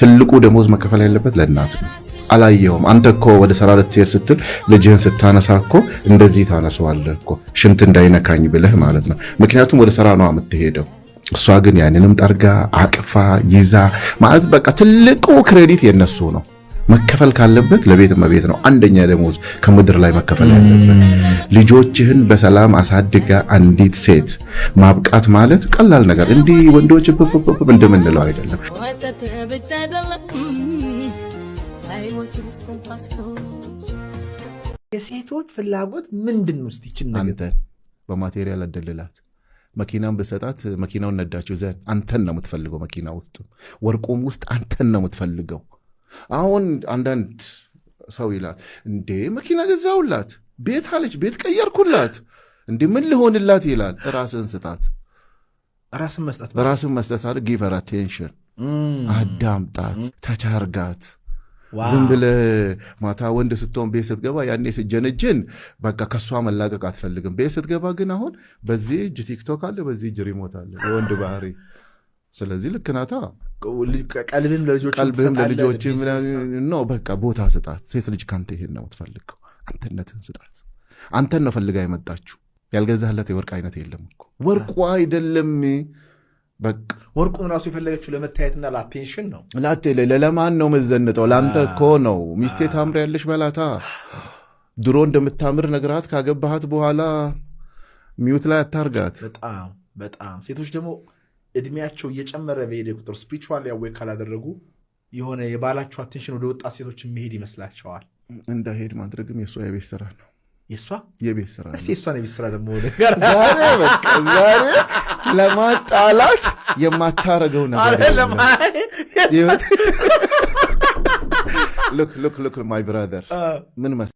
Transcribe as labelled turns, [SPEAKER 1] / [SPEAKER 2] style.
[SPEAKER 1] ትልቁ ደሞዝ መከፈል ያለበት ለእናት ነው። አላየውም። አንተ እኮ ወደ ስራ ልትሄድ ስትል ልጅህን ስታነሳ እኮ እንደዚህ ታነሰዋለህ እኮ ሽንት እንዳይነካኝ ብለህ ማለት ነው። ምክንያቱም ወደ ስራ ነው የምትሄደው። እሷ ግን ያንንም ጠርጋ አቅፋ ይዛ ማለት በቃ ትልቁ ክሬዲት የነሱ ነው። መከፈል ካለበት ለቤት መቤት ነው። አንደኛ ደሞዝ ከምድር ላይ መከፈል ያለበት። ልጆችህን በሰላም አሳድጋ አንዲት ሴት ማብቃት ማለት ቀላል ነገር እንዲህ ወንዶች እንደምንለው አይደለም።
[SPEAKER 2] የሴቶች ፍላጎት ምንድን ውስጥ ይችል
[SPEAKER 1] አንተን በማቴሪያል አደልላት መኪናን ብሰጣት መኪናውን ነዳችው ዘንድ አንተን ነው የምትፈልገው። መኪና ውስጥ ወርቁም ውስጥ አንተን ነው የምትፈልገው። አሁን አንዳንድ ሰው ይላል እንዴ መኪና ገዛሁላት፣ ቤት አለች፣ ቤት ቀየርኩላት፣ እንዴ ምን ልሆንላት ይላል። ራስን ስጣት። ራስን መስጠት ራስን መስጠት አለ ጊቨር አቴንሽን፣ አዳምጣት፣ ተቻርጋት ዝም ብለ ማታ ወንድ ስትሆን ቤት ስትገባ ያኔ ስጀነጅን በቃ ከእሷ መላቀቅ አትፈልግም። ቤት ስትገባ ግን አሁን በዚህ እጅ ቲክቶክ አለ፣ በዚህ እጅ ሪሞት አለ። የወንድ ባህሪ ስለዚህ ልክ ናታ። ቀልብም ለልጆችም ነው። በቃ ቦታ ስጣት። ሴት ልጅ ከአንተ ይሄን ነው የምትፈልገው። አንተነትን ስጣት። አንተን ነው ፈልጋ የመጣችሁ። ያልገዛህለት የወርቅ አይነት የለም እኮ ወርቁ አይደለም ወርቁ
[SPEAKER 2] ወርቁን ራሱ የፈለገችው ለመታየትና ለአቴንሽን ነው።
[SPEAKER 1] ለለማን ነው መዘንጠው? ለአንተ እኮ ነው። ሚስቴ ታምር ያለሽ በላታ ድሮ እንደምታምር ነግራት ካገባሃት በኋላ ሚዩት ላይ አታርጋት።
[SPEAKER 2] በጣም በጣም ሴቶች ደግሞ እድሜያቸው እየጨመረ በሄደ ቁጥር ስፒሪቹዋል ያወይ ካላደረጉ የሆነ የባላቸው አቴንሽን ወደ ወጣት ሴቶች የሚሄድ ይመስላቸዋል።
[SPEAKER 1] እንዳሄድ ማድረግም የእሷ የቤት ስራ ነው። የእሷ የቤት ስራ ነው።
[SPEAKER 2] የእሷን የቤት ስራ ደግሞ ዛሬ
[SPEAKER 1] ለማጣላት የማታረገው ነገር ሉክ ሉክ ሉክ ማይ ብራዘር ምን መስ